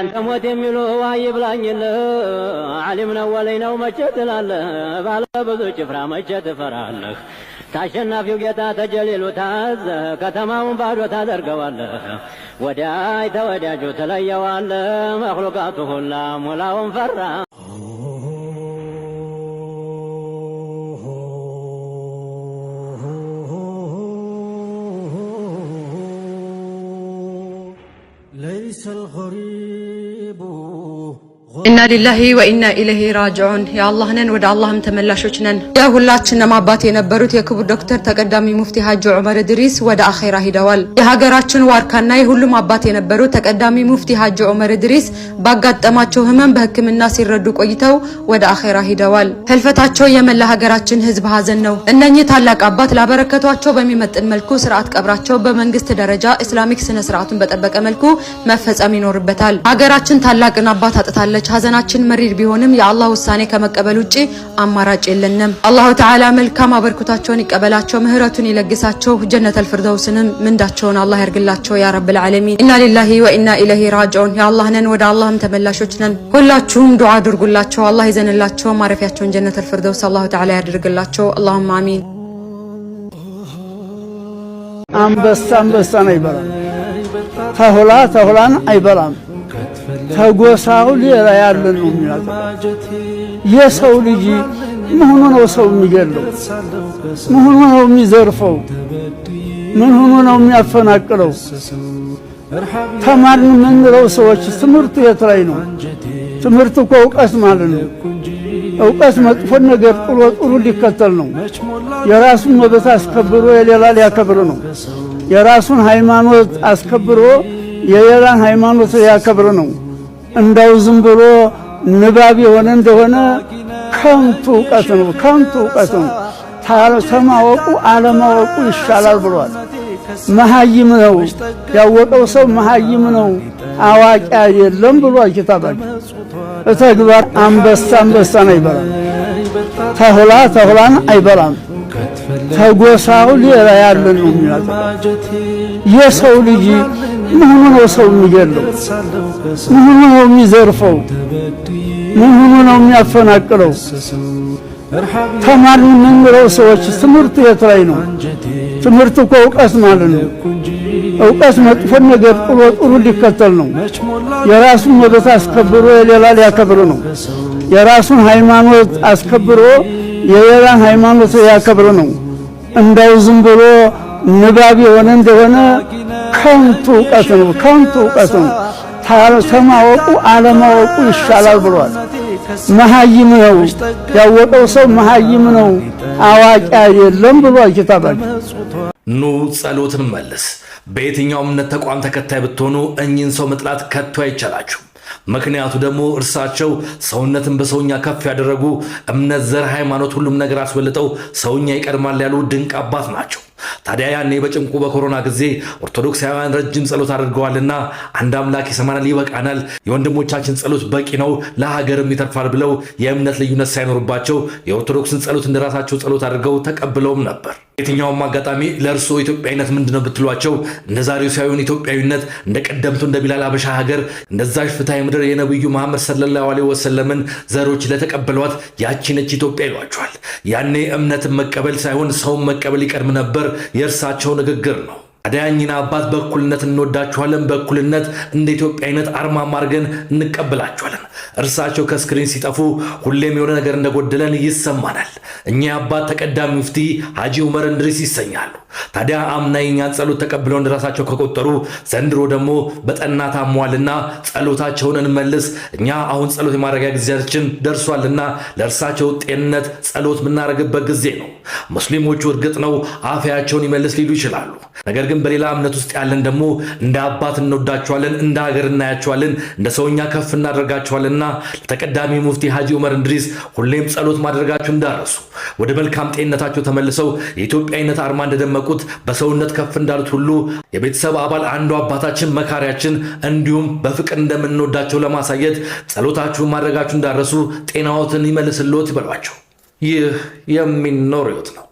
አንተ ሞት የሚሉ ዋይ ብላኝል አሊም ነው ወለይ ነው መቼ ትላለህ? ባለ ብዙ ጭፍራ መቼ ትፈራለህ? ታሸናፊው ጌታ ተጀሊሉ ታዘ ከተማውን ባዶ ታደርገዋለህ። ወዳይ ተወዳጁ ትለየዋለ መክሉቃቱ ሁላ ሙላውን ፈራ ليس الغريب ኢና ሊላሂ ወኢና ኢለይሂ ራጅዑን የአላህ ነን ወደ አላህም ተመላሾች ነን። የሁላችንም አባት የነበሩት የክቡር ዶክተር ተቀዳሚ ሙፍቲ ሀጂ ዑመር እድሪስ ወደ አኼራ ሂደዋል። የሀገራችን ዋርካና የሁሉም አባት የነበሩት ተቀዳሚ ሙፍቲ ሀጂ ዑመር እድሪስ ባጋጠማቸው ህመም በህክምና ሲረዱ ቆይተው ወደ አኼራ ሂደዋል። ህልፈታቸው የመላ ሀገራችን ህዝብ ሀዘን ነው። እነኚህ ታላቅ አባት ላበረከቷቸው በሚመጥን መልኩ ስርዓት ቀብራቸው በመንግስት ደረጃ ኢስላሚክ ስነ ስርዓቱን በጠበቀ መልኩ መፈጸም ይኖርበታል። ሀገራችን ታላቅን አባት አጥታለች። ሀዘናችን መሪር ቢሆንም የአላህ ውሳኔ ከመቀበል ውጪ አማራጭ የለንም። አላሁ ተዓላ መልካም አበርክቷቸውን ይቀበላቸው፣ ምህረቱን ይለግሳቸው፣ ጀነተል ፍርደውስንም ምንዳቸውን አላህ ያርግላቸው ያ እና ዓለሚን። ኢና ሊላሂ ወኢና ኢለይሂ ራጂዑን። የአላህ ነን ወደ አላህም ተመላሾች ነን። ሁላችሁም ዱዓ አድርጉላቸው፣ አላህ ይዘንላቸው፣ ማረፊያቸውን ጀነተል ፍርደውስ አላሁ ተዓላ ያድርግላቸው። አላሁም አሚን። አንበሳ አንበሳን አይበላም፣ ተሁላ ተሁላን አይበላም። ተጎሳው ሌላ ያለ ነው የሚያዘው። የሰው ልጅ ምሁኑ ነው ሰው የሚገለው? ምሁኑ ነው የሚዘርፈው? ምን ነው የሚያፈናቅለው? ተማርን የምንለው ሰዎች ትምህርቱ የት ላይ ነው? ትምህርት እኮ እውቀት ማለት ነው። እውቀት መጥፎን ነገር ጥሎ ጥሩ ሊከተል ነው። የራሱን መብት አስከብሮ የሌላ ሊያከብር ነው። የራሱን ሃይማኖት አስከብሮ የሌላን ሃይማኖት ሊያከብር ነው። እንዳው ዝም ብሎ ንባብ የሆነ እንደሆነ ከንቱ እውቀት ነው፣ ከንቱ እውቀት ነው። ከማወቁ አለማወቁ ይሻላል ብሏል። መሀይም ነው ያወቀው ሰው መሀይም ነው፣ አዋቂ የለም ብሏል ኪታባቸው። በተግባር አንበሳ አንበሳን አይበላም፣ ተሁላ ተሁላን አይበላም። ተጎሳው ሌላ ያለን ነው የሚያጠቃ የሰው ልጅ ምሁኑ ነው ሰው የሚገለው? ምሁኑ ነው የሚዘርፈው? ምሁኑ ነው የሚያፈናቅለው? ተማሪ የምንለው ሰዎች ትምህርት የት ላይ ነው? ትምህርት እኮ እውቀት ማለት ነው። እውቀት መጥፎን ነገር ጥሎ ጥሩ ሊከተል ነው። የራሱን መብት አስከብሮ የሌላ ሊያከብር ነው። የራሱን ሃይማኖት አስከብሮ የሌላን ሃይማኖት ሊያከብር ነው። እንዳው ዝም ብሎ ንባብ የሆነ እንደሆነ ከንቱ እውቀት ነው፣ ከንቱ እውቀት ነው። ታለማወቁ አለማወቁ ይሻላል ብሏል። መሀይም ነው ያወቀው ሰው መሀይም ነው፣ አዋቂ አይደለም ብሏል ኪታባችን። ኑ ጸሎትን መልስ በየትኛው እምነት ተቋም ተከታይ ብትሆኑ እኚህን ሰው መጥላት ከቶ አይቻላችሁ። ምክንያቱ ደግሞ እርሳቸው ሰውነትን በሰውኛ ከፍ ያደረጉ እምነት፣ ዘር፣ ሃይማኖት፣ ሁሉም ነገር አስበልጠው ሰውኛ ይቀድማል ያሉ ድንቅ አባት ናቸው። ታዲያ ያኔ በጭንቁ በኮሮና ጊዜ ኦርቶዶክሳውያን ረጅም ጸሎት አድርገዋልና አንድ አምላክ ይሰማናል፣ ይበቃናል፣ የወንድሞቻችን ጸሎት በቂ ነው፣ ለሀገርም ይተርፋል ብለው የእምነት ልዩነት ሳይኖርባቸው የኦርቶዶክስን ጸሎት እንደራሳቸው ጸሎት አድርገው ተቀብለውም ነበር። የትኛውም አጋጣሚ ለእርስዎ ኢትዮጵያዊነት ምንድን ነው ብትሏቸው እንደ ዛሬው ሳይሆን ኢትዮጵያዊነት እንደ ቀደምቱ እንደ ቢላል አበሻ ሀገር እንደዛሽ ፍትሐዊ ምድር የነቢዩ መሐመድ ሰለላሁ ዐለይሂ ወሰለምን ዘሮች ለተቀበሏት ያቺነች ኢትዮጵያ ይሏቸዋል። ያኔ እምነትን መቀበል ሳይሆን ሰውን መቀበል ይቀድም ነበር የእርሳቸው ንግግር ነው። አዳያኝና አባት በእኩልነት እንወዳችኋለን፣ በእኩልነት እንደ ኢትዮጵያዊነት አርማ አድርገን እንቀበላችኋለን። እርሳቸው ከስክሪን ሲጠፉ ሁሌም የሆነ ነገር እንደጎደለን ይሰማናል። እኛ የአባት ተቀዳሚ ሙፍቲ ሐጂ ዑመር እንድሪስ ይሰኛሉ። ታዲያ አምና የእኛን ጸሎት ተቀብለው እንደራሳቸው ከቆጠሩ ዘንድሮ ደግሞ በጠና ታሟልና ጸሎታቸውን እንመልስ። እኛ አሁን ጸሎት የማድረጊያ ጊዜያችን ደርሷልና ለእርሳቸው ጤንነት ጸሎት የምናደርግበት ጊዜ ነው። ሙስሊሞቹ እርግጥ ነው አፍያቸውን ይመልስ ሊሉ ይችላሉ። ነገር ግን በሌላ እምነት ውስጥ ያለን ደግሞ እንደ አባት እንወዳቸዋለን፣ እንደ ሀገር እናያቸዋለን፣ እንደ ሰውኛ ከፍ እናደርጋቸዋለን እና ለተቀዳሚ ሙፍቲ ሀጂ ዑመር እንድሪስ ሁሌም ጸሎት ማድረጋችሁ እንዳረሱ ወደ መልካም ጤንነታቸው ተመልሰው የኢትዮጵያዊነት አርማ እንደደመቁት በሰውነት ከፍ እንዳሉት ሁሉ የቤተሰብ አባል አንዱ አባታችን መካሪያችን፣ እንዲሁም በፍቅር እንደምንወዳቸው ለማሳየት ጸሎታችሁን ማድረጋችሁ እንዳረሱ ጤናዎትን ይመልስልዎት ይበሏቸው። ይህ የሚኖር ይወት ነው።